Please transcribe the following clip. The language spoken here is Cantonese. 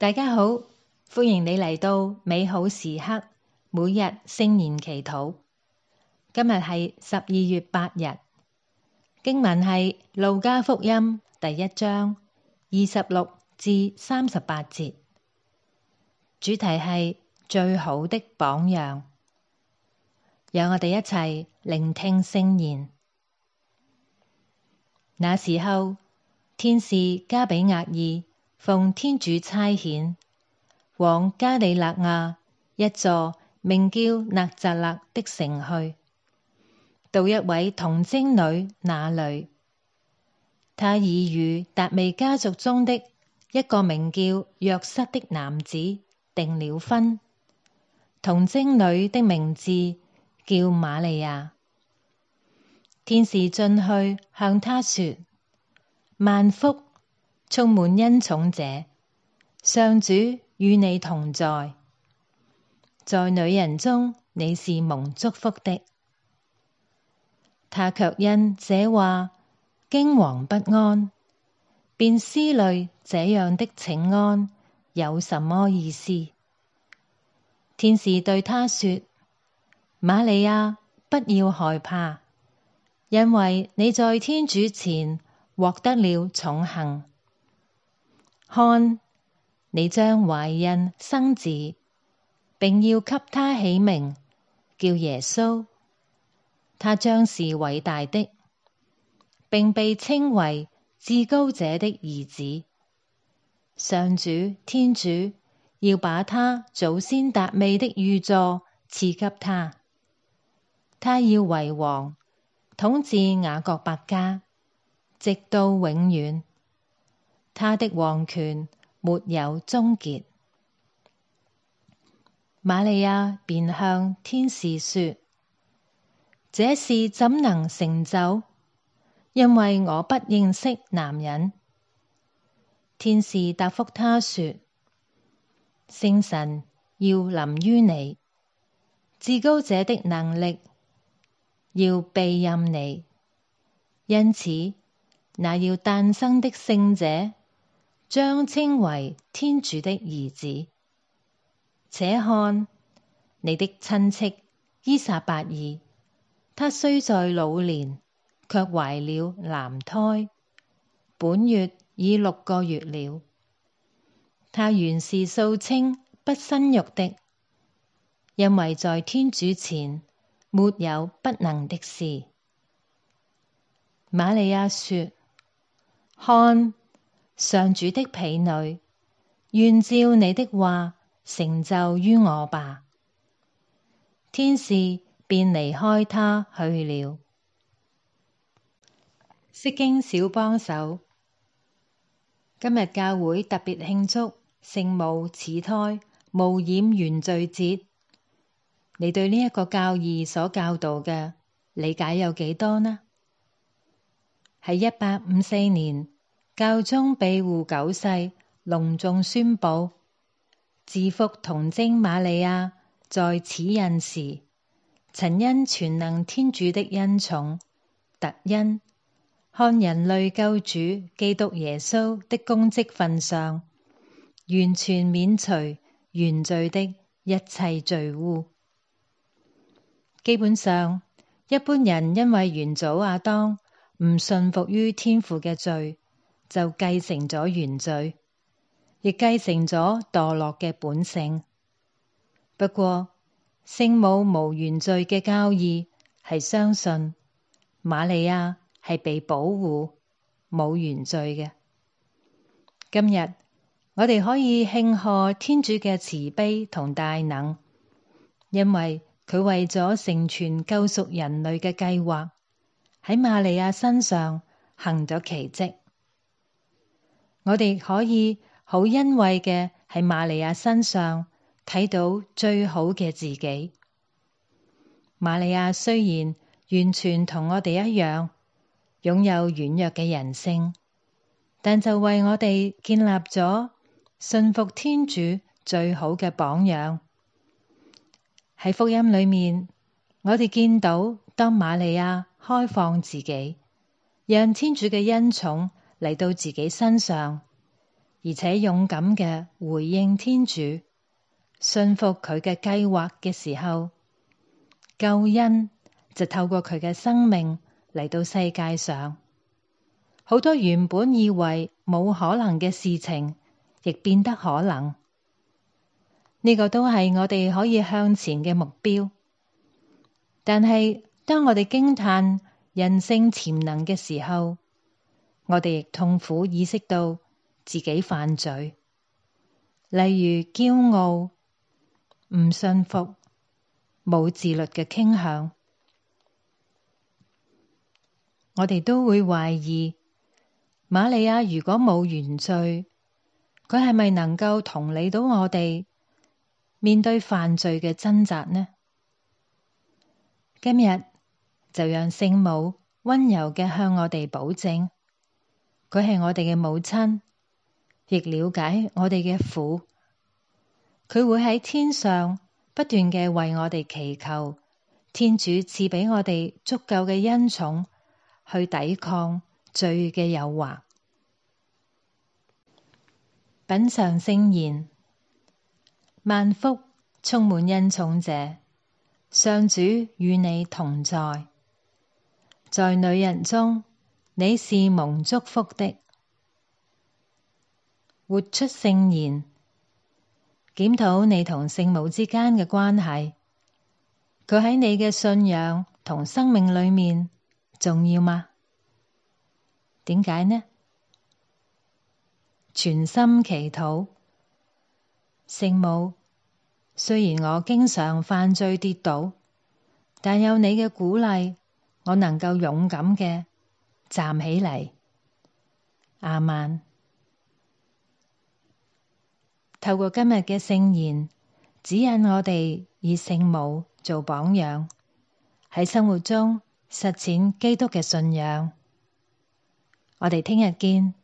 大家好，歡迎你嚟到美好時刻每日聖言祈禱。今日係十二月八日，經文係路加福音第一章二十六至三十八節，主題係最好的榜樣。讓我哋一齊聆聽聖言。那時候，天使加俾額爾。奉天主差遣，往加里肋亞一座名叫納匝肋的城去，到一位童貞女那裡，她已與達味家族中的一個名叫若瑟的男子訂了婚。童貞女的名字叫瑪利亞。天使進去向她說：萬福。充滿恩寵者，上主與你同在，在女人中你是蒙祝福的。他卻因這話驚惶不安，便思慮這樣的請安有什麼意思？天使對他說：瑪利亞，不要害怕，因為你在天主前獲得了寵幸。看，你將懷孕生子，並要給他起名叫耶穌。他將是偉大的，並被稱為至高者的兒子。上主天主要把他祖先達味的御座賜給他，他要為王，統治雅各伯家，直到永遠。他的王權沒有終結。瑪利亞便向天使說：這事怎能成就？因為我不認識男人。天使答覆他說：聖神要臨於你，至高者的能力要庇任廕你。因此，那要誕生的聖者。將稱為天主的兒子。且看，你的親戚依撒伯爾，她雖在老年，卻懷了男胎，本月已六個月了。她原是素稱不生育的，因為在天主前沒有不能的事。瑪利亞說：看。上主的婢女，願照你的話成就於我吧。天使便離開她去了。釋經小幫手，今日教會特別慶祝聖母始胎無染原罪節。你對呢一個教義所教導嘅理解有幾多呢？喺一八五四年。教宗庇護九世隆重宣佈，至福童貞瑪利亞在始孕時，曾因全能天主的恩寵，特恩看人類救主基督耶穌的功績份上，完全免除原罪的一切罪污。基本上，一般人因為原祖亞當唔信服於天父嘅罪，就繼承咗原罪，亦繼承咗墮落嘅本性。不過聖母無原罪嘅教義係相信瑪利亞係被保護，冇原罪嘅。今日我哋可以慶賀天主嘅慈悲同大能，因為佢為咗成全救贖人類嘅計劃，喺瑪利亞身上行咗奇跡。我哋可以好欣慰嘅喺瑪利亞身上睇到最好嘅自己。瑪利亞雖然完全同我哋一樣，擁有軟弱嘅人性，但就為我哋建立咗信服天主最好嘅榜樣。喺福音裏面，我哋見到當瑪利亞開放自己，讓天主嘅恩寵。嚟到自己身上，而且勇敢嘅回應天主，信服佢嘅計劃嘅時候，救恩就透過佢嘅生命嚟到世界上。好多原本以為冇可能嘅事情，亦變得可能。呢個都係我哋可以向前嘅目標。但係當我哋驚嘆人性潛能嘅時候，我哋亦痛苦意識到自己犯罪，例如驕傲、唔信服、冇自律嘅傾向。我哋都會懷疑瑪利亞如果冇原罪，佢係咪能夠同理到我哋面對犯罪嘅掙扎呢？今日就讓聖母溫柔嘅向我哋保證。佢係我哋嘅母親，亦了解我哋嘅苦。佢會喺天上不斷嘅為我哋祈求，天主賜畀我哋足夠嘅恩寵，去抵抗罪嘅誘惑。品嚐聖言，萬福充滿恩寵者，上主與你同在，在女人中。你是蒙祝福的。活出聖言，檢討你同聖母之間嘅關係。佢喺你嘅信仰同生命裏面重要嗎？點解呢？全心祈禱。聖母，雖然我經常犯罪跌倒，但有你嘅鼓勵，我能夠勇敢嘅。站起嚟，阿們。透過今日嘅聖言，指引我哋以聖母做榜樣，喺生活中實踐基督嘅信仰。我哋聽日見。